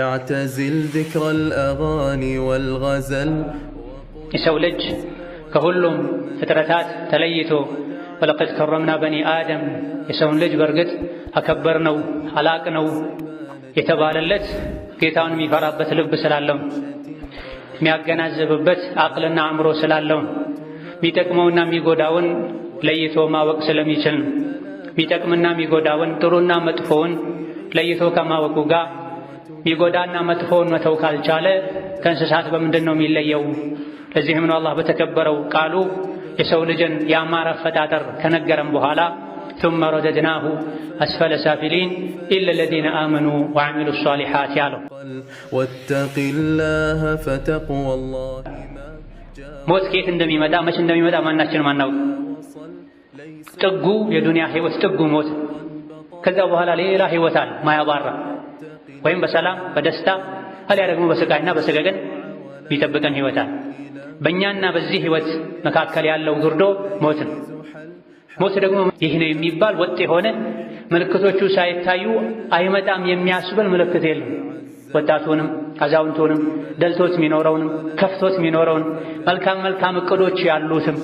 اعتزل ذكر الأغاني والغزل የሰው ልጅ ከሁሉም ፍጥረታት ተለይቶ ወለቀድ ከረምና በኒ አደም የሰውን ልጅ በእርግጥ አከበር ነው አላቅ ነው የተባለለት ጌታውን የሚፈራበት ልብ ስላለው የሚያገናዝብበት አቅልና አእምሮ ስላለው የሚጠቅመውና የሚጎዳውን ለይቶ ማወቅ ስለሚችል ነው። የሚጠቅምና የሚጎዳውን ጥሩና መጥፎውን ለይቶ ከማወቁ ጋር ሊጎዳና መጥፎውን መተው ካልቻለ ከእንስሳት በምንድን ነው የሚለየው? ለዚህም ነው አላህ በተከበረው ቃሉ የሰው ልጅን የአማረ አፈጣጠር ከነገረም በኋላ ثم رددناه أسفل سافلين إلا الذين آمنوا وعملوا الصالحات ያለው واتق الله فتقوى الله ሞት ከየት እንደሚመጣ መቼ እንደሚመጣ ማናችንም አናውቅ። ጥጉ የዱንያ ህይወት ጥጉ ሞት፣ ከዛ በኋላ ሌላ ህይወት አለ ማያባራ ወይም በሰላም በደስታ አሊያ ደግሞ በስቃይና በሰገገን ቢጠብቀን ህይወታል። በእኛና በዚህ ህይወት መካከል ያለው ጉርዶ ሞት ነው። ሞት ደግሞ ይህ ነው የሚባል ወጥ የሆነ ምልክቶቹ ሳይታዩ አይመጣም የሚያስብል ምልክት የለም። ወጣቱንም አዛውንቱንም ደልቶት የሚኖረውንም ከፍቶት የሚኖረውን መልካም መልካም እቅዶች ያሉትም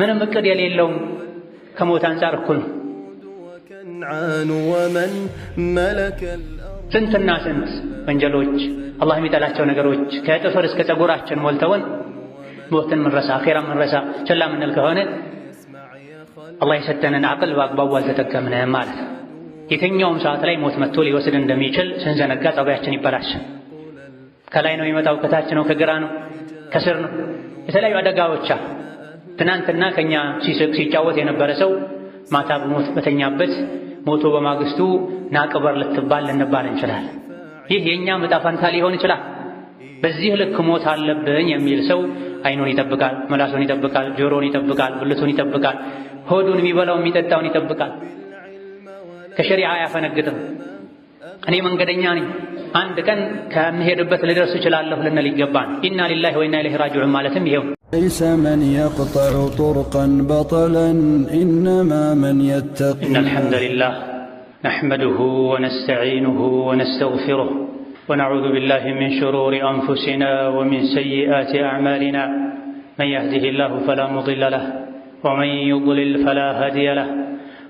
ምንም እቅድ የሌለውም ከሞት አንጻር እኩል ነው። ስንትና ስንት ወንጀሎች አላህ የሚጠላቸው ነገሮች ከጥፍር እስከ ፀጉራችን ሞልተውን ሞትን ምንረሳ አኼራ ምንረሳ ችላ ምንል ከሆነ አላህ የሰጠንን አቅል በአግባቡ አልተጠቀምንም ማለት ነው። የትኛውም ሰዓት ላይ ሞት መጥቶ ሊወስድ እንደሚችል ስንዘነጋ ጸባያችን ይበላሽ። ከላይ ነው የመጣው፣ ከታች ነው፣ ከግራ ነው፣ ከስር ነው። የተለያዩ አደጋዎች ትናንትና ከኛ ሲስቅ ሲጫወት የነበረ ሰው ማታ በሞት በተኛበት ሞቶ በማግስቱ ናቅበር ልትባል ልንባል እንችላል። ይህ የእኛ መጣፋንታ ሊሆን ይችላል። በዚህ ልክ ሞት አለብኝ የሚል ሰው አይኑን ይጠብቃል፣ መላሱን ይጠብቃል፣ ጆሮውን ይጠብቃል፣ ብልቱን ይጠብቃል፣ ሆዱን የሚበላው የሚጠጣውን ይጠብቃል። ከሸሪዓ አያፈነግጥም። እኔ መንገደኛ ነኝ፣ አንድ ቀን ከምሄድበት ልደርስ እችላለሁ ልንል ይገባል። ኢና ሊላሂ ወኢና ኢለይሂ ራጂዑን ማለትም ይሄው ليس من يقطع طرقا بطلا إنما من يتقي إن الحمد لله نحمده ونستعينه ونستغفره ونعوذ بالله من شرور أنفسنا ومن سيئات أعمالنا من يهده الله فلا مضل له ومن يضلل فلا هادي له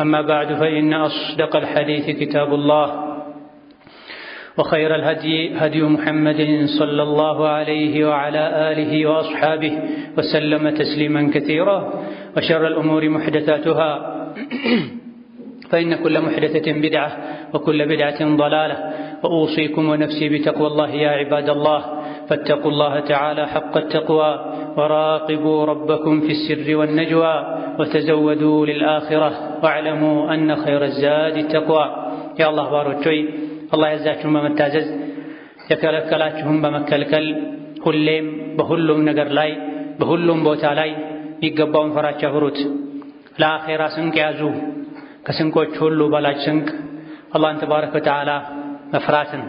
أما بعد فإن أصدق الحديث كتاب الله وخير الهدي هدي محمد صلى الله عليه وعلى آله وأصحابه وسلم تسليما كثيرا وشر الأمور محدثاتها فإن كل محدثة بدعة وكل بدعة ضلالة وأوصيكم ونفسي بتقوى الله يا عباد الله فاتقوا الله تعالى حق التقوى وراقبوا ربكم في السر والنجوى وتزودوا للآخرة واعلموا أن خير الزاد التقوى يا الله باروتوي الله يزاكم بما تازز يكلكلاتهم بما كلكل كلهم بهلهم نقر لاي بهلهم بوتا لاي يقبون فراتش فروت الآخرة سنك يازو كسنكو تشلو بلاج سنك الله تبارك وتعالى مفراتن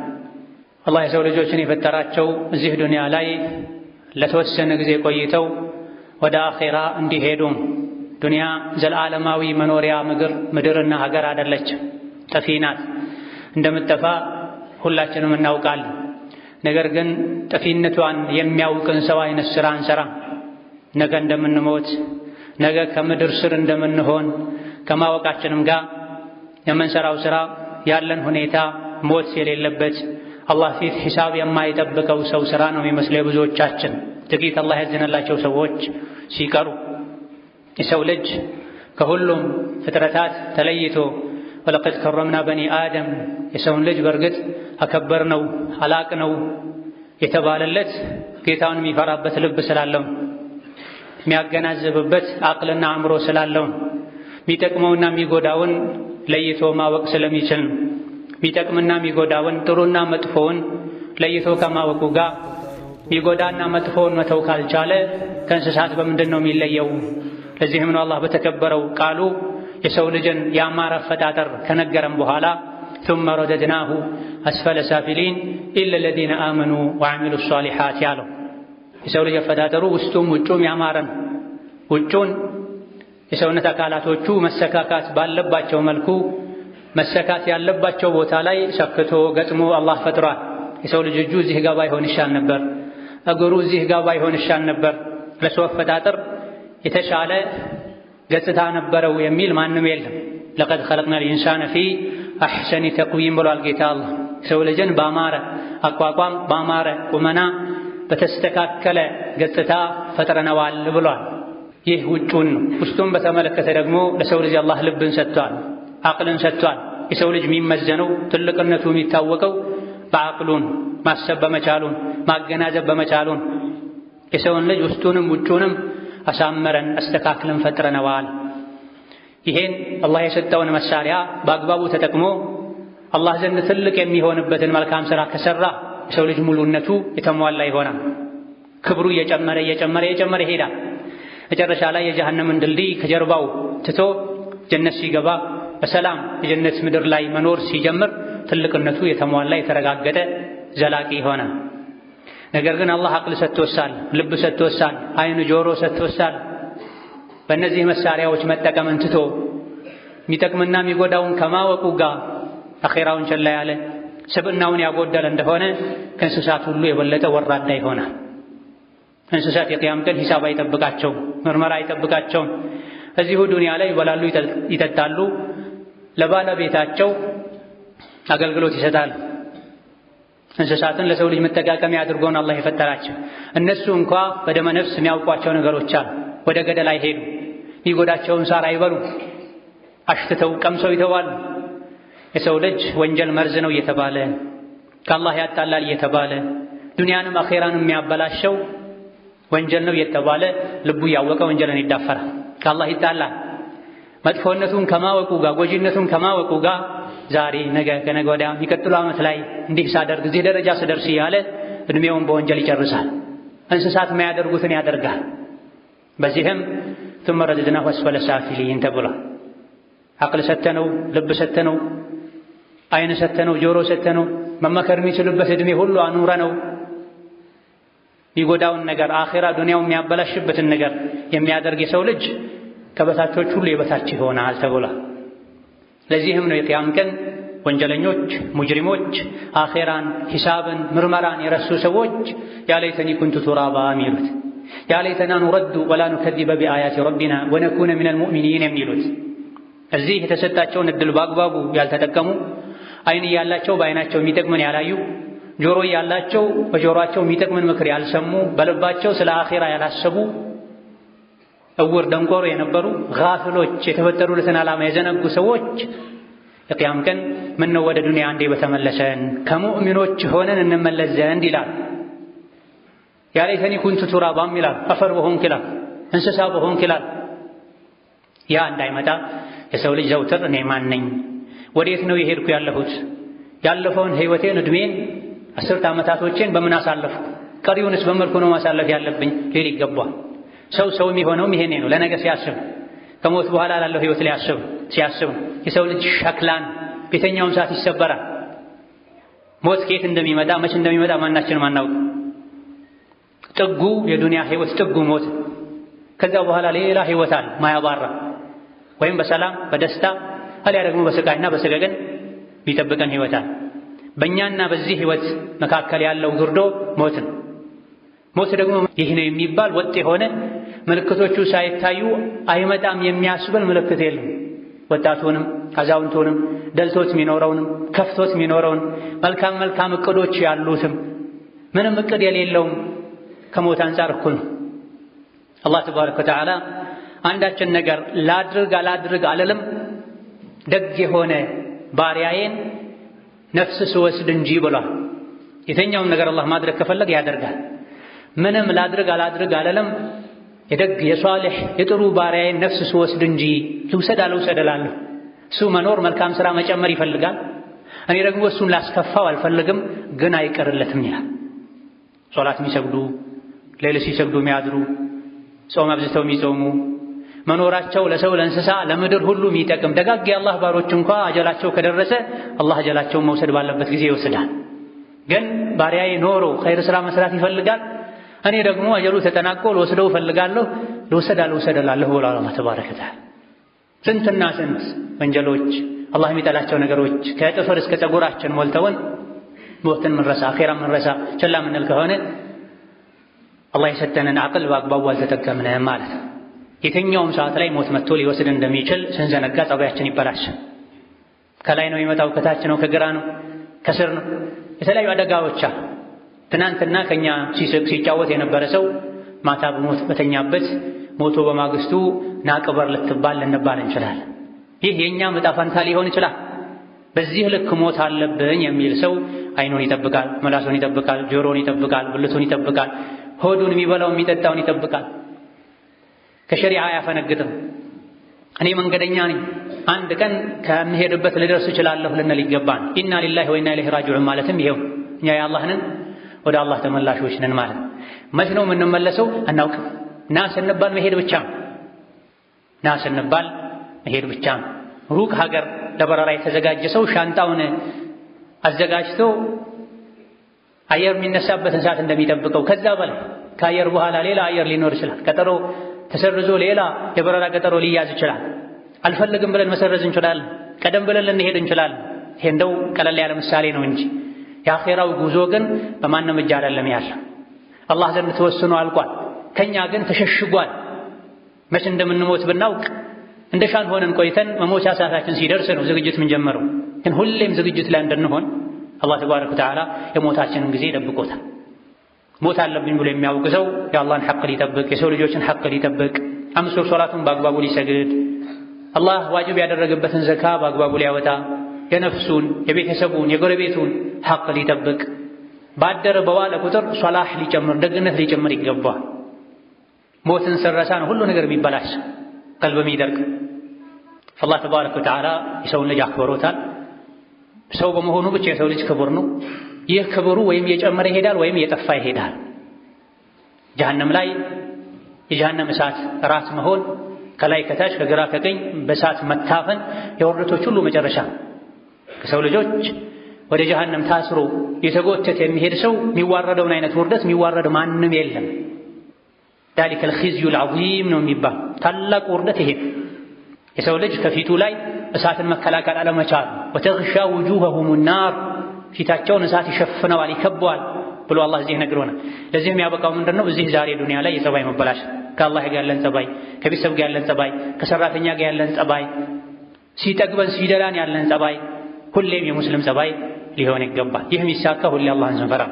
الله يسول جوشني فتراتشو زهدني عليه ለተወሰነ ጊዜ ቆይተው ወደ አኼራ እንዲሄዱም። ዱንያ ዘለዓለማዊ መኖሪያ ምግር ምድርና ሀገር አይደለችም፣ ጠፊ ናት። እንደምትጠፋ ሁላችንም እናውቃለን። ነገር ግን ጠፊነቷን የሚያውቅን ሰው አይነት ሥራ እንሠራ። ነገ እንደምንሞት ነገ ከምድር ስር እንደምንሆን ከማወቃችንም ጋር የምንሠራው ሥራ ያለን ሁኔታ ሞት የሌለበት አላህ ፊት ሒሳብ የማይጠብቀው ሰው ሥራ ነው የሚመስለው ብዙዎቻችን ጥቂት አላህ ያዘነላቸው ሰዎች ሲቀሩ የሰው ልጅ ከሁሉም ፍጥረታት ተለይቶ ወለቀድ ከረምና በኒ አደም የሰውን ልጅ በእርግጥ አከበር ነው፣ አላቅ ነው የተባለለት ጌታውን የሚፈራበት ልብ ስላለው የሚያገናዝብበት አቅልና አእምሮ ስላለው የሚጠቅመውና የሚጎዳውን ለይቶ ማወቅ ስለሚችል ነው። ቢጠቅምና ሚጎዳውን ጥሩና መጥፎውን ለይቶ ከማወቁ ጋር ሚጎዳና መጥፎውን መተው ካልቻለ ከእንስሳት በምንድን ነው የሚለየው? ለዚህም ነው አላህ በተከበረው ቃሉ የሰው ልጅን ያማረ አፈጣጠር ከነገረም በኋላ ثم رددناه أسفل سافلين إلا الذين آمنوا وعملوا الصالحات ያለው የሰው ልጅ አፈጣጠሩ ውስጡም ውጩም ያማረ ነው። ውጩን የሰውነት አካላቶቹ መሰካካት ባለባቸው መልኩ መሰካት ያለባቸው ቦታ ላይ ሰክቶ ገጥሞ አላህ ፈጥሯል። የሰው ልጅ እጁ እዚህ ጋባ ይሆን ይሻል ነበር፣ እግሩ እዚህ ጋባ ይሆን ይሻል ነበር፣ ለሰው አፈጣጠር የተሻለ ገጽታ ነበረው የሚል ማንም የለም። ለቀድ ኸለቅናል ኢንሳነ ፊ አሕሰኒ ተቅዊም ብሏል ጌታ አላህ። የሰው ልጅን በአማረ አቋቋም በአማረ ቁመና በተስተካከለ ገጽታ ፈጥረነዋል ብሏል። ይህ ውጩን ነው። ውስጡን በተመለከተ ደግሞ ለሰው ልጅ አላህ ልብን ሰጥቷል። አቅልን ሰጥቷል። የሰው ልጅ የሚመዘነው ትልቅነቱ የሚታወቀው በአቅሉን ማሰብ በመቻሉን ማገናዘብ በመቻሉን የሰውን ልጅ ውስጡንም ውጩንም አሳምረን አስተካክለን ፈጥረነዋል። ይሄን አላህ የሰጠውን መሳሪያ በአግባቡ ተጠቅሞ አላህ ዘንድ ትልቅ የሚሆንበትን መልካም ሥራ ከሠራ የሰው ልጅ ሙሉነቱ የተሟላ ይሆናል። ክብሩ እየጨመረ እየጨመረ እየጨመረ ይሄዳል። መጨረሻ ላይ የጀሃነምን ድልድይ ከጀርባው ትቶ ጀነት ሲገባ በሰላም የጀነት ምድር ላይ መኖር ሲጀምር ትልቅነቱ የተሟላ የተረጋገጠ ዘላቂ ይሆናል። ነገር ግን አላህ አቅል ሰጥቶሳል፣ ልብ ሰጥቶሳል፣ አይን ጆሮ ሰጥቶሳል። በእነዚህ መሳሪያዎች መጠቀምን ትቶ የሚጠቅምና የሚጎዳውን ከማወቁ ጋር አኼራውን ቸላ ያለ ስብዕናውን ያጎደለ እንደሆነ ከእንስሳት ሁሉ የበለጠ ወራዳ ይሆናል። እንስሳት የቅያም ቀን ሂሳብ አይጠብቃቸውም፣ ምርመራ አይጠብቃቸውም። እዚሁ ዱንያ ላይ ይበላሉ፣ ይጠጣሉ፣ ለባለቤታቸው አገልግሎት ይሰጣሉ። እንስሳትን ለሰው ልጅ መጠቃቀሚያ አድርጎን አላህ የፈጠራቸው እነሱ እንኳ በደመ ነፍስ የሚያውቋቸው ነገሮች አሉ። ወደ ገደል አይሄዱ፣ የሚጎዳቸውን ሳር አይበሉ፣ አሽትተው ቀምሰው ይተዋሉ። የሰው ልጅ ወንጀል መርዝ ነው እየተባለ ከአላህ ያጣላል እየተባለ ዱንያንም አኼራንም የሚያበላሸው ወንጀል ነው እየተባለ ልቡ እያወቀ ወንጀልን ይዳፈራል፣ ከአላህ ይጣላል። መጥፎነቱን ከማወቁ ጋር ጎጂነቱን ከማወቁ ጋር ዛሬ ነገ ከነገ ወዲያ የሚቀጥሉ ዓመት ላይ እንዲህ ሳደርግ እዚህ ደረጃ ስደርስ እያለ እድሜውን በወንጀል ይጨርሳል። እንስሳት የማያደርጉትን ያደርጋል። በዚህም ثم رددناه أسفل سافلين ተብሏል። አቅል ሰተነው፣ ልብ ሰተነው፣ አይን ሰተነው፣ ጆሮ ሰተነው፣ መመከር የሚችልበት እድሜ ሁሉ አኑረ ነው የሚጎዳውን ነገር አኼራ ዱንያው የሚያበላሽበትን ነገር የሚያደርግ የሰው ልጅ ከበታቾች ሁሉ የበታች ይሆናል ተብሏል። ለዚህም ነው የቅያም ቀን ወንጀለኞች፣ ሙጅሪሞች፣ አኼራን፣ ሂሳብን፣ ምርመራን የረሱ ሰዎች ያለይተኒ ኩንቱ ቱራባ የሚሉት ያለይተና ኑረዱ ወላ ኑከዚበ ቢአያት ረቢና ወነኩነ ሚነል ሙእሚኒን የሚሉት እዚህ የተሰጣቸውን እድል በአግባቡ ያልተጠቀሙ አይን እያላቸው በአይናቸው የሚጠቅምን ያላዩ ጆሮ እያላቸው በጆሮአቸው የሚጠቅምን ምክር ያልሰሙ በልባቸው ስለ አኼራ ያላሰቡ እውር ደንቆሮ የነበሩ ጋፍሎች የተፈጠሩለትን ዓላማ የዘነጉ ሰዎች የቅያም ቀን ምነው ወደ ዱንያ አንዴ በተመለሰን ከሙእሚኖች ሆነን እንመለስ ዘንድ ይላል። ያ ለይተኒ ኩንቱ ቱራባም ይላል። አፈር በሆንክ ይላል። እንስሳ በሆንክ ይላል። ያ እንዳይመጣ የሰው ልጅ ዘውትር እኔ ማን ነኝ? ወዴት ነው የሄድኩ ያለሁት? ያለፈውን ሕይወቴን እድሜን አስርት ዓመታቶቼን በምን አሳለፍኩ? ቀሪውንስ በመልኩ ነው ማሳለፍ ያለብኝ ሊል ይገባል። ሰው ሰው የሚሆነውም ይሄኔ ነው። ለነገ ሲያስብ ከሞት በኋላ ላለው ህይወት ላይ ያስብ ሲያስብ የሰው ልጅ ሸክላን ቤተኛውም ሰዓት ይሰበራል። ሞት ከየት እንደሚመጣ መቼ እንደሚመጣ ማናችንም አናውቅ። ጥጉ የዱንያ ህይወት ጥጉ ሞት። ከዛ በኋላ ሌላ ህይወት አለ ማያባራ ወይም በሰላም በደስታ አሊያ ደግሞ በስቃይና በሰገገን የሚጠብቀን ህይወት አለ። በእኛና በዚህ ህይወት መካከል ያለው ግርዶ ሞት ነው። ሞት ደግሞ ይህ ነው የሚባል ወጥ የሆነ ምልክቶቹ ሳይታዩ አይመጣም የሚያስብል ምልክት የለም። ወጣቱንም አዛውንቱንም ደልቶት የሚኖረውንም ከፍቶት የሚኖረውን መልካም መልካም እቅዶች ያሉትም ምንም እቅድ የሌለውም ከሞት አንጻር እኩል ነው። አላህ ተባረከ ወተዓላ አንዳችን ነገር ላድርግ አላድርግ አልልም ደግ የሆነ ባሪያዬን ነፍስ ስወስድ እንጂ ብሏል። የትኛውም ነገር አላህ ማድረግ ከፈለግ ያደርጋል። ምንም ላድርግ አላድርግ አልልም የደግ የሷልሕ የጥሩ ባሪያዬን ነፍስ ስወስድ እንጂ ልውሰድ አልውሰድ እላለሁ። እሱ መኖር መልካም ሥራ መጨመር ይፈልጋል። እኔ ደግሞ እሱን ላስከፋው አልፈልግም፣ ግን አይቀርለትም ይላል። ሶላት የሚሰግዱ ሌሊት ሲሰግዱ የሚያድሩ ጾም አብዝተው የሚጾሙ መኖራቸው ለሰው ለእንስሳ ለምድር ሁሉ የሚጠቅም ደጋግ የአላህ ባሮች እንኳ አጀላቸው ከደረሰ አላህ አጀላቸውን መውሰድ ባለበት ጊዜ ይወስዳል። ግን ባሪያዬ ኖሮ ኸይር ሥራ መስራት ይፈልጋል እኔ ደግሞ አጀሉ ተጠናቆ ልወስደው እፈልጋለሁ ልውሰድ አልውሰድ እላለሁ ብሏል አላህ ተባረከ ወተዓላ። ስንትና ስንት ወንጀሎች አላህ የሚጠላቸው ነገሮች ከጥፍር እስከ ፀጉራችን ሞልተውን ሞትን ምንረሳ አኼራ ምንረሳ ችላ ምንል ከሆነ አላህ የሰጠንን አቅል በአግባቡ አልተጠቀምንም ማለት ነው። የትኛውም ሰዓት ላይ ሞት መጥቶ ሊወስድ እንደሚችል ስንዘነጋ ጸባያችን ይበላሻል። ከላይ ነው የሚመጣው፣ ከታች ነው፣ ከግራ ነው፣ ከስር ነው። የተለያዩ አደጋዎች አሉ። ትናንትና ከኛ ሲጫወት የነበረ ሰው ማታ በሞት በተኛበት ሞቶ በማግስቱ ናቅበር ልትባል ልንባል እንችላል። ይህ የእኛ ዕጣ ፈንታ ሊሆን ይችላል። በዚህ ልክ ሞት አለብኝ የሚል ሰው አይኑን ይጠብቃል፣ መላሱን ይጠብቃል፣ ጆሮን ይጠብቃል፣ ብልቱን ይጠብቃል፣ ሆዱን የሚበላው የሚጠጣውን ይጠብቃል። ከሸሪዓ አያፈነግጥም። እኔ መንገደኛ ነኝ፣ አንድ ቀን ከምሄድበት ልደርስ እችላለሁ ልንል ይገባን። ኢና ሊላሂ ወኢና ኢለይሂ ራጂዑን ማለትም ይሄው እኛ የአላህንን ወደ አላህ ተመላሾች ነን ማለት። መች ነው የምንመለሰው አናውቅም። ና ስንባል መሄድ ብቻ ነው። ና ስንባል መሄድ ብቻ ነው። ሩቅ ሀገር ለበረራ የተዘጋጀ ሰው ሻንጣውን አዘጋጅቶ አየር የሚነሳበትን ሰዓት እንደሚጠብቀው ከዛ በላይ ከአየር በኋላ ሌላ አየር ሊኖር ይችላል። ቀጠሮ ተሰርዞ ሌላ የበረራ ቀጠሮ ሊያዝ ይችላል። አልፈልግም ብለን መሰረዝ እንችላለን። ቀደም ብለን ልንሄድ እንችላለን። ይሄ እንደው ቀለል ያለ ምሳሌ ነው እንጂ የአኼራው ጉዞ ግን በማንም እጅ አይደለም ያለ አላህ ዘንድ ተወስኖ አልቋል። ከኛ ግን ተሸሽጓል። መቼ እንደምንሞት ብናውቅ እንደሻን ሆነን ቆይተን መሞቻ ሰዓታችን ሲደርስ ነው ዝግጅት ጀመረው። ግን ሁሌም ዝግጅት ላይ እንድንሆን አላህ ተባረከ ወተዓላ የሞታችንን ጊዜ ደብቆታል። ሞት አለብኝ ብሎ የሚያውቅ ሰው የአላህን ሐቅ ሊጠብቅ፣ የሰው ልጆችን ሐቅ ሊጠብቅ፣ አምስት ወቅት ሶላቱን በአግባቡ ሊሰግድ፣ አላህ ዋጅብ ያደረገበትን ዘካ በአግባቡ ሊያወጣ፣ የነፍሱን፣ የቤተሰቡን፣ የጎረቤቱን ሐቅ ሊጠብቅ ባደረ በዋለ ቁጥር ሶላህ ሊጨምር ደግነት ሊጨምር ይገባዋል። ሞትን ስረሳ ነው። ሁሉ ነገር የሚበላሽ ቀልብ የሚደርቅ አላህ ተባረከ ወተዓላ የሰውን ልጅ አክብሮታል። ሰው በመሆኑ ብቻ የሰው ልጅ ክቡር ነው። ይህ ክብሩ ወይም እየጨመረ ይሄዳል ወይም እየጠፋ ይሄዳል። ጀሀነም ላይ የጀሀነም እሳት ራስ መሆን ከላይ ከታች ከግራ ከቀኝ በእሳት መታፈን የወረዶች ሁሉ መጨረሻ ከሰው ልጆች ወደ ጀሃነም ታስሮ የተጎተተ የሚሄድ ሰው የሚዋረደውን አይነት ውርደት የሚዋረድ ማንም የለም። ذلك الخزي العظيم ነው የሚባል ታላቅ ውርደት ይሄ የሰው ልጅ ከፊቱ ላይ እሳትን መከላከል አለመቻል ወተግሻ ውጁሀሁም ናር ፊታቸውን እሳት ይሸፍነዋል ይከበዋል ብሎ አላህ እዚህ ነግሮናል። ለዚህ የሚያበቃው ምንድነው? እዚህ ዛሬ ዱንያ ላይ የጸባይ መበላሽ፣ ከአላህ ጋር ያለን ጸባይ፣ ከቤተሰብ ጋር ያለን ጸባይ፣ ከሰራተኛ ጋር ያለን ጸባይ፣ ሲጠግበን ሲደላን ያለን ጸባይ፣ ሁሌም የሙስሊም ጸባይ ሊሆን ይገባል። ይህ የሚሳካ ሁሌ አላህን ስንፈራ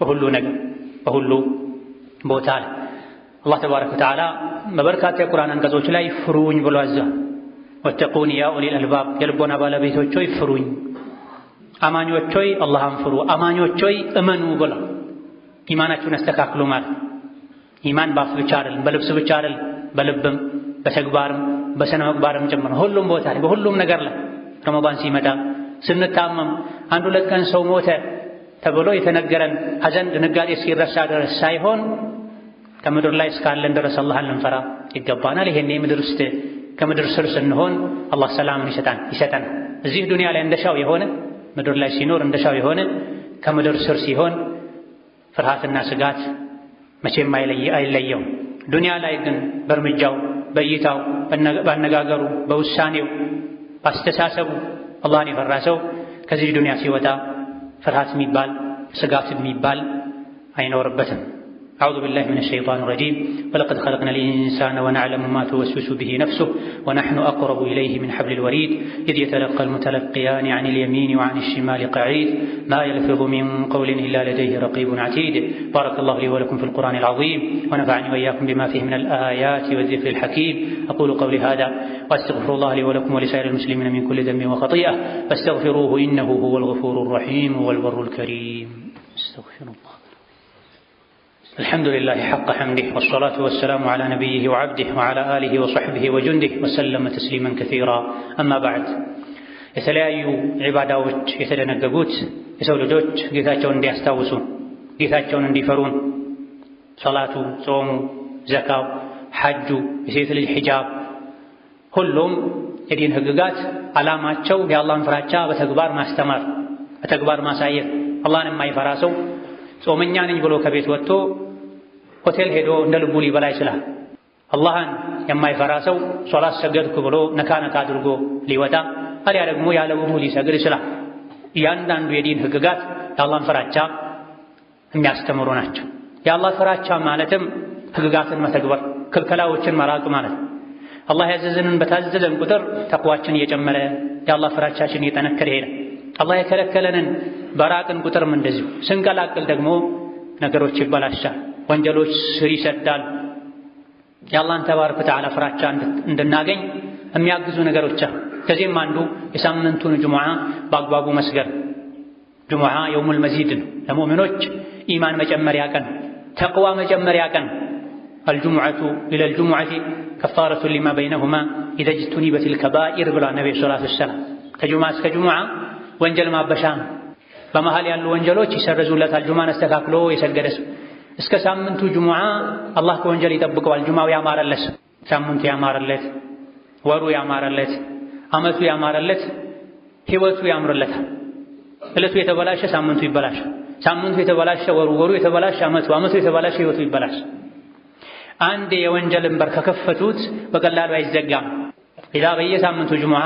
በሁሉ ነገር በሁሉ ቦታ ላይ አላህ ተባረከ ወተዓላ በበርካታ የቁርአን አንቀጾች ላይ ፍሩኝ ብሎ አዟል። ወተቁን ያ ኡሊል አልባብ የልቦና ባለቤቶች ሆይ ፍሩኝ፣ አማኞች ሆይ አላህን ፍሩ፣ አማኞች ሆይ እመኑ ብሎ ኢማናችሁን አስተካክሉ ማለት ኢማን ባፍ ብቻ አይደለም፣ በልብስ ብቻ አይደለም፣ በልብም በተግባርም በስነ ምግባርም ጭምር ሁሉም ቦታ ላይ በሁሉም ነገር ላይ ረመዳን ሲመጣ ስንታመም አንድ ሁለት ቀን ሰው ሞተ ተብሎ የተነገረን ሐዘን ድንጋጤ እስኪረሳ ድረስ ሳይሆን ከምድር ላይ እስካለን ድረስ አላህን ልንፈራ ይገባናል። ይሄን የምድር ውስጥ ከምድር ስር ስንሆን አላህ ሰላምን ይሰጣን ይሰጠን። እዚህ ዱንያ ላይ እንደሻው የሆነ ምድር ላይ ሲኖር እንደሻው የሆነ ከምድር ስር ሲሆን ፍርሃትና ስጋት መቼም አይለየው። ዱንያ ላይ ግን በእርምጃው፣ በእይታው፣ በአነጋገሩ፣ በውሳኔው፣ በአስተሳሰቡ አላህን የፈራ ሰው ከዚህ ዱንያ ሲወጣ ፍርሃት የሚባል ስጋት የሚባል አይኖርበትም። أعوذ بالله من الشيطان الرجيم ولقد خلقنا الإنسان ونعلم ما توسوس به نفسه ونحن أقرب إليه من حبل الوريد إذ يتلقى المتلقيان عن اليمين وعن الشمال قعيد ما يلفظ من قول إلا لديه رقيب عتيد بارك الله لي ولكم في القرآن العظيم ونفعني وإياكم بما فيه من الآيات والذكر الحكيم أقول قولي هذا وأستغفر الله لي ولكم ولسائر المسلمين من كل ذنب وخطيئة فاستغفروه إنه هو الغفور الرحيم والبر الكريم استغفر الله الحمد لله حق حمده والصلاة والسلام على نبيه وعبده وعلى آله وصحبه وجنده وسلم تسليما كثيرا أما بعد يتلاي عبادة وش يتلنا القبوت يسول دوش قيثاتشون دي أستاوسون قيثاتشون دي فرون صلاة صوم زكاة حج يسيث الحجاب كلهم يدين حقوقات علامات شو يا الله انفراد شاب تكبار ما استمر تكبار ما سعير الله نمائي فراسو ومن يعني يقولوا كبيت وطو ሆቴል ሄዶ እንደ ልቡ ሊበላ ይችላል። አላህን የማይፈራ ሰው ሶላት ሰገድኩ ብሎ ነካ ነካ አድርጎ ሊወጣ አሊያ ደግሞ ያለ ውዱ ሊሰግድ ይችላል። እያንዳንዱ የዲን ህግጋት የአላህን ፍራቻ የሚያስተምሩ ናቸው። የአላህ ፍራቻ ማለትም ህግጋትን መተግበር፣ ክልከላዎችን መራቅ ማለት አላህ ያዘዘንን በታዘዘን ቁጥር ተቅዋችን እየጨመረ የአላህ ፍራቻችን እየጠነከረ ይሄዳል። አላህ የከለከለንን በራቅን ቁጥርም እንደዚሁ ስንቀላቅል ደግሞ ነገሮች ይበላሻል። ወንጀሎች ስር ይሰዳል። የአላህን ተባረከ ወተዓላ ፍራቻ እንድናገኝ የሚያግዙ ነገሮች ከዚህም አንዱ የሳምንቱን ጅሙዓ በአግባቡ መስገር። ጅሙዓ የውሙል መዚድ ነው። ለሙእሚኖች ኢማን መጨመሪያ ቀን፣ ተቅዋ መጨመሪያ ቀን። አልጅሙዓቱ ኢለል ጅሙዓቲ ከፋረቱ ሊማ በይነሁማ ኢተጅቱኒበቲል ከባኢር ብሏል ነቢ ሰላቱ ወሰላም። ከጅሙዓ እስከ ጅሙዓ ወንጀል ማበሻ ነው። በመሃል ያሉ ወንጀሎች ይሰረዙለታል። ጅሙዓን አስተካክሎ የሰገደ ሰው እስከ ሳምንቱ ጁሙዓ አላህ ከወንጀል ይጠብቀዋል። ጅማው ያማረለት፣ ሳምንቱ ያማረለት፣ ወሩ ያማረለት፣ አመቱ ያማረለት፣ ህይወቱ ያምርለታል። እለቱ የተበላሸ ሳምንቱ ይበላሽ፣ ሳምንቱ የተበላሸ ወሩ፣ ወሩ የተበላሸ ዓመቱ፣ አመቱ የተበላሸ ህይወቱ ይበላሽ። አንድ የወንጀልን በር ከከፈቱት በቀላሉ አይዘጋም። ኢዛ በየሳምንቱ ጁሙዓ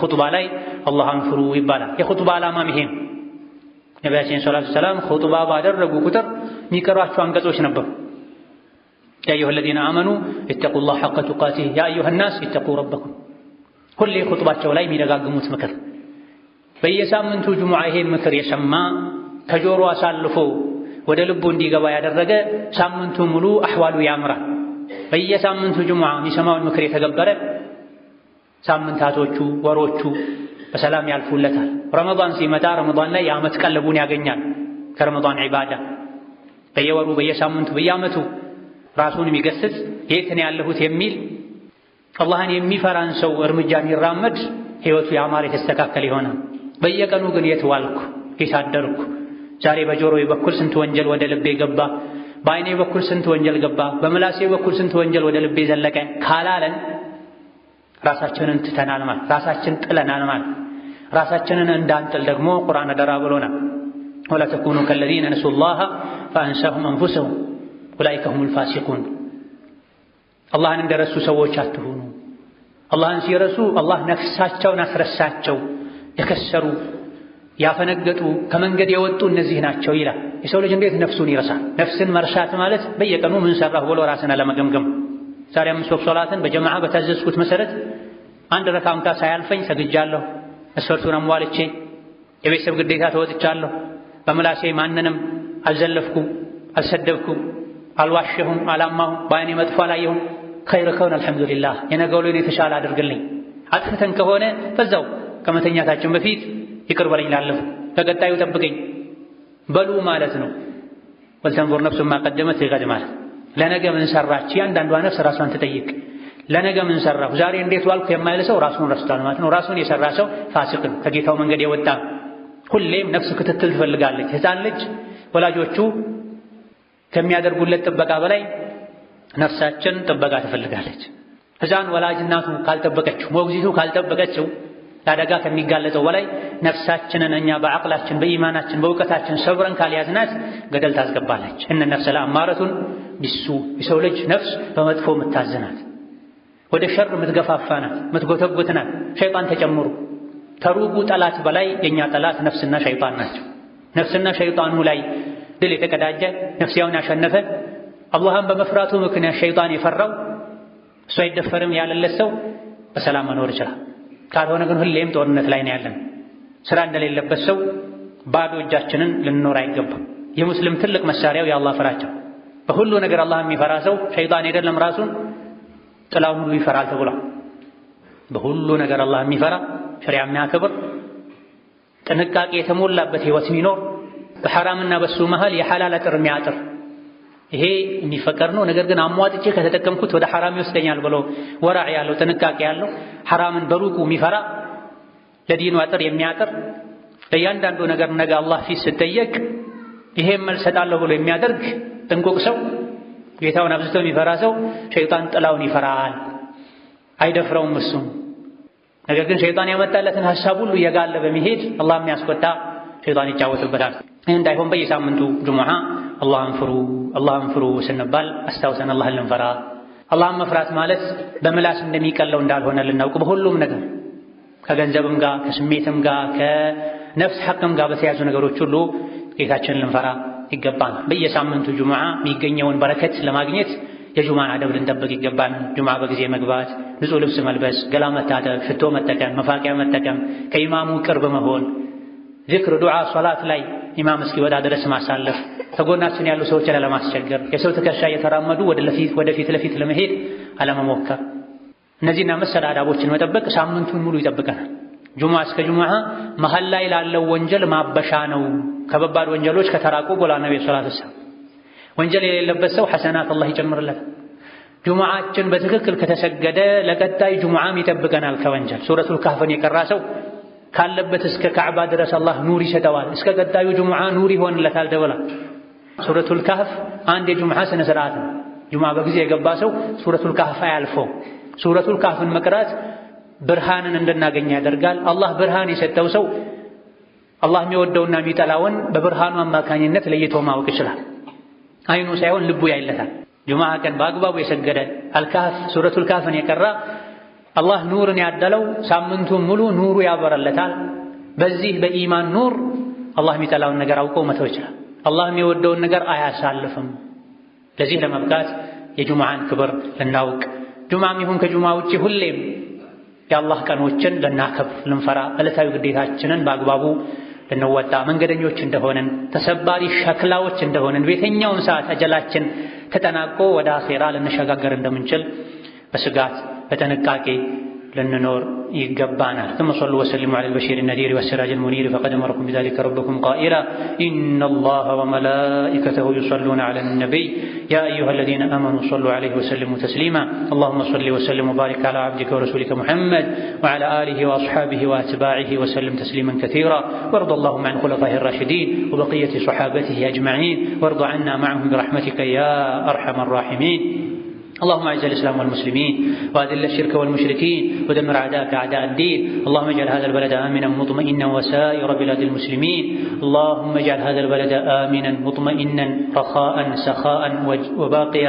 ኹጥባ ላይ አላህን ፍሩ ይባላል። የኹጥባ ዓላማም ነው። ነቢያችን ሰለላሁ ዐለይሂ ወሰለም ኹጥባ ባደረጉ ቁጥር የሚቀሯቸው አንቀጾች ነበሩ። ያ አዩሃ ለዚነ አመኑ ኢተቁላህ ሐቀ ቱቃቲህ ያ አዩሃ ናስ ኢተቁ ረበኩም። ሁሌ ኹጥባቸው ላይ የሚደጋግሙት ምክር በየሳምንቱ ጅሙዓ ይሄን ምክር የሰማ ከጆሮ አሳልፎ ወደ ልቡ እንዲገባ ያደረገ ሳምንቱ ሙሉ አሕዋሉ ያምራል። በየሳምንቱ ጅሙዓ የሚሰማውን ምክር የተገበረ ሳምንታቶቹ፣ ወሮቹ በሰላም ያልፉለታል። ረመዳን ሲመጣ ረመዳን ላይ የዓመት ቀለቡን ያገኛል ከረመዳን ዒባዳ በየወሩ በየሳምንቱ በየዓመቱ ራሱን የሚገስጽ የት ነው ያለሁት የሚል አላህን የሚፈራን ሰው እርምጃ የሚራመድ ህይወቱ ያማረ የተስተካከለ ይሆናል። በየቀኑ ግን የት ዋልኩ፣ የት አደርኩ፣ ዛሬ በጆሮዬ በኩል ስንት ወንጀል ወደ ልቤ ገባ፣ በአይኔ በኩል ስንት ወንጀል ገባ፣ በምላሴ በኩል ስንት ወንጀል ወደ ልቤ ዘለቀ ካላለን ራሳችንን ትተናል ማለት ራሳችን ጥለናል ማለት። ራሳችንን እንዳንጥል ደግሞ ቁርአን አደራ ብሎናል። ወላ ተኩኑ ከለዚነ ነሱ ላህ ፈአንሳሁም አንፉሰሁም ኡላኢከ ሁሙል ፋሲቁን። አላህን እንደረሱ ሰዎች አትሆኑ አላህን ሲረሱ አላህ ነፍሳቸውን አስረሳቸው። የከሰሩ ያፈነገጡ ከመንገድ የወጡ እነዚህ ናቸው ይላል። የሰው ልጅ እንዴት ነፍሱን ይረሳል? ነፍስን መርሳት ማለት በየቀኑ ምን ሰራሁ ብሎ ራስን አለመገምገም። ዛሬ አምስት ወቅት ሶላትን በጀማዓ በታዘዝኩት መሰረት አንድ ረካ እንኳ ሳያልፈኝ ሰግጃለሁ፣ መስፈርቱን አሟልቼ የቤተሰብ ግዴታ ተወጥቻለሁ በምላሴ ማንንም አልዘለፍኩም፣ አልሰደብኩም፣ አልዋሸሁም፣ አላማሁም፣ በአይኔ መጥፎ አላየሁም። ኸይር ከሆነ አልሐምዱሊላህ የነገ ውሎዬን የተሻለ አድርግልኝ። አጥፍተን ከሆነ በዛው ከመተኛታችን በፊት ይቅር በለኝ ላለፉ ከቀጣዩ ጠብቀኝ በሉ ማለት ነው። ወልተንዙር ነፍሱ ማቀደመት ይቀድ ማለት ለነገ ምን ሰራች? ያንዳንዷ ነፍስ ራሷን ትጠይቅ። ለነገ ምን ሰራሁ፣ ዛሬ እንዴት ዋልኩ የማይል ሰው ራሱን ረስቷል ማለት ነው። ራሱን የሰራ ሰው ፋሲቅ ነው፣ ከጌታው መንገድ የወጣ ሁሌም ነፍስ ክትትል ትፈልጋለች። ህፃን ልጅ ወላጆቹ ከሚያደርጉለት ጥበቃ በላይ ነፍሳችን ጥበቃ ትፈልጋለች። ህፃን ወላጅ እናቱ ካልጠበቀችው፣ ሞግዚቱ ካልጠበቀችው ለአደጋ ከሚጋለጠው በላይ ነፍሳችንን እኛ በአቅላችን፣ በኢማናችን፣ በእውቀታችን ሰብረን ካልያዝናት ገደል ታስገባለች። እነ ነፍሰ ለአማረቱን ቢሱ የሰው ልጅ ነፍስ በመጥፎ የምታዝናት ወደ ሸር የምትገፋፋናት የምትጎተጉትናት ሸይጣን ተጨምሩ ከሩቡ ጠላት በላይ የእኛ ጠላት ነፍስና ሸይጣን ናቸው። ነፍስና ሸይጣኑ ላይ ድል የተቀዳጀ ነፍስያውን ያሸነፈ አላህን በመፍራቱ ምክንያት ሸይጣን የፈራው እሱ አይደፈርም ያለለት ሰው በሰላም መኖር ይችላል። ካልሆነ ግን ሁሌም ጦርነት ላይ ነው ያለን። ስራ እንደሌለበት ሰው ባዶ እጃችንን ልንኖር አይገባም። የሙስሊም ትልቅ መሳሪያው የአላህ ፍራቸው። በሁሉ ነገር አላህ የሚፈራ ሰው ሸይጣን አይደለም ራሱን ጥላውን ሁሉ ይፈራል ተብሏል። በሁሉ ነገር አላህ የሚፈራ ሸሪያ የሚያከብር ጥንቃቄ የተሞላበት ህይወት የሚኖር በሐራምና በሱ መሃል የሐላል አጥር የሚያጥር ይሄ የሚፈቀድ ነው። ነገር ግን አሟጥቼ ከተጠቀምኩት ወደ ሐራም ይወስደኛል ብሎ ወራዕ ያለው ጥንቃቄ ያለው ሐራምን በሩቁ የሚፈራ ለዲኑ አጥር የሚያጥር ለእያንዳንዱ ነገር ነገ አላህ ፊት ስጠየቅ ይሄን መልስ ሰጣለሁ ብሎ የሚያደርግ ጥንቁቅ ሰው፣ ጌታውን አብዝቶ የሚፈራ ሰው ሸይጣን ጥላውን ይፈራል፣ አይደፍረውም እሱም ነገር ግን ሸይጣን ያመጣለትን ሐሳብ ሁሉ እየጋለ በመሄድ አላህ የሚያስቆጣ ሸይጣን ይጫወትበታል። ይህ እንዳይሆን በየሳምንቱ ጅሙዓ አላህን ፍሩ አላህን ፍሩ ስንባል አስታውሰን አላህን ልንፈራ አላህን መፍራት ማለት በምላስ እንደሚቀለው እንዳልሆነ ልናውቅ በሁሉም ነገር ከገንዘብም ጋር ከስሜትም ጋር ከነፍስ ሐቅም ጋር በተያዙ ነገሮች ሁሉ ጌታችንን ልንፈራ ይገባል። በየሳምንቱ ጁሙዓ የሚገኘውን በረከት ለማግኘት የጁማን አደብ ልንጠብቅ ይገባል። ጁማ በጊዜ መግባት፣ ንጹህ ልብስ መልበስ፣ ገላ መታጠብ፣ ሽቶ መጠቀም፣ መፋቂያ መጠቀም፣ ከኢማሙ ቅርብ መሆን፣ ዚክር፣ ዱዓ፣ ሶላት ላይ ኢማም እስኪወጣ ድረስ ማሳለፍ፣ ከጎናችን ያሉ ሰዎች ላለማስቸገር፣ የሰው ትከሻ እየተራመዱ ወደ ፊት ለፊት ለመሄድ አለመሞከር፣ እነዚህና መሰል አዳቦችን መጠበቅ ሳምንቱን ሙሉ ይጠብቀናል። ጁማ እስከ ጁማ መሀል ላይ ላለው ወንጀል ማበሻ ነው። ከበባድ ወንጀሎች ከተራቁ ጎላ ነቢ ሰላት ወንጀል የሌለበት ሰው ሐሰናት አላህ ይጨምርለታል። ጁሙዓችን በትክክል ከተሰገደ ለቀጣይ ጁሙዓም ይጠብቀናል ከወንጀል። ሱረቱል ካህፍን የቀራ ሰው ካለበት እስከ ካዕባ ድረስ አላህ ኑር ይሰጠዋል። እስከ ቀጣዩ ጁሙዓ ኑር ይሆንለታል ደብላ። ሱረቱል ካህፍ አንድ የጁሙዓ ስነ ስርዓት ነው። ጁሙዓ በጊዜ የገባ ሰው ሱረቱል ካህፍ አያልፈው። ሱረቱል ካህፍን መቅራት ብርሃንን እንድናገኝ ያደርጋል። አላህ ብርሃን የሰጠው ሰው አላህ የሚወደውና የሚጠላውን በብርሃኑ አማካኝነት ለይቶ ማወቅ ይችላል። አይኑ ሳይሆን ልቡ ያይለታል። ጁምዓ ቀን በአግባቡ የሰገደ አልካፍ ሱረቱል ካፍን የቀራ አላህ ኑርን ያደለው ሳምንቱን ሙሉ ኑሩ ያበረለታል። በዚህ በኢማን ኑር አላህ የሚጠላውን ነገር አውቆ መተው ይችላል። አላህ የሚወደውን ነገር አያሳልፍም። ለዚህ ለመብቃት የጁምዓን ክብር ልናውቅ ጁምዓም ይሁን ከጁምዓ ውጪ ሁሌም የአላህ ቀኖችን ልናከብር ልንፈራ ዕለታዊ ግዴታችንን በአግባቡ ልንወጣ መንገደኞች እንደሆንን ተሰባሪ ሸክላዎች እንደሆንን በየትኛውም ሰዓት አጀላችን ተጠናቆ ወደ አኼራ ልንሸጋገር እንደምንችል በስጋት በጥንቃቄ لننور يقبانا ثم صلوا وسلموا على البشير النذير والسراج المنير فقد أمركم بذلك ربكم قائلا إن الله وملائكته يصلون على النبي يا أيها الذين آمنوا صلوا عليه وسلموا تسليما اللهم صل وسلم وبارك على عبدك ورسولك محمد وعلى آله وأصحابه وأتباعه وسلم تسليما كثيرا وارض اللهم عن خلفائه الراشدين وبقية صحابته أجمعين وارض عنا معهم برحمتك يا أرحم الراحمين اللهم اعز الاسلام والمسلمين واذل الشرك والمشركين ودمر اعداءك اعداء الدين، اللهم اجعل هذا البلد امنا مطمئنا وسائر بلاد المسلمين، اللهم اجعل هذا البلد امنا مطمئنا رخاء سخاء وباقي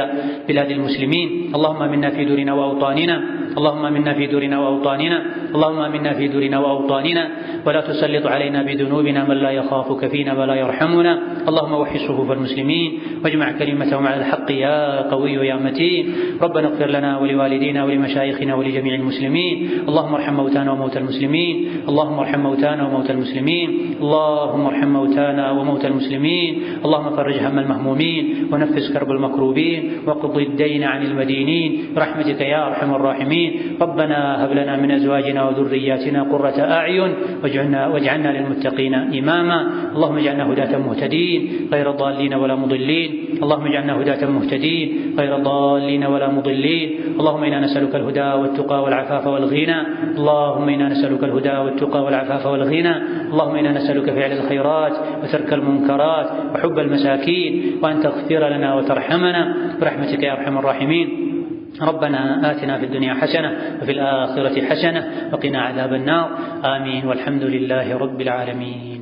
بلاد المسلمين، اللهم منا في دورنا واوطاننا، اللهم منا في دورنا واوطاننا، اللهم آمنا في دورنا وأوطاننا ولا تسلط علينا بذنوبنا من لا يخافك فينا ولا يرحمنا اللهم وحي صفوف المسلمين واجمع كلمتهم على الحق يا قوي يا متين ربنا اغفر لنا ولوالدينا ولمشايخنا ولجميع المسلمين اللهم ارحم موتانا وموتى المسلمين اللهم ارحم موتانا وموتى المسلمين اللهم ارحم موتانا وموتى المسلمين اللهم فرج هم المهمومين ونفس كرب المكروبين واقض الدين عن المدينين برحمتك يا ارحم الراحمين ربنا هب لنا من ازواجنا أنفسنا وذرياتنا قرة أعين واجعلنا, واجعلنا للمتقين إماما اللهم اجعلنا هداة مهتدين غير ضالين ولا مضلين اللهم اجعلنا هداة مهتدين غير ضالين ولا مضلين اللهم إنا نسألك الهدى والتقى والعفاف والغنى اللهم إنا نسألك الهدى والتقى والعفاف والغنى اللهم إنا نسألك فعل الخيرات وترك المنكرات وحب المساكين وأن تغفر لنا وترحمنا برحمتك يا أرحم الراحمين ربنا آتنا في الدنيا حسنة وفي الآخرة حسنة وقنا عذاب النار آمين والحمد لله رب العالمين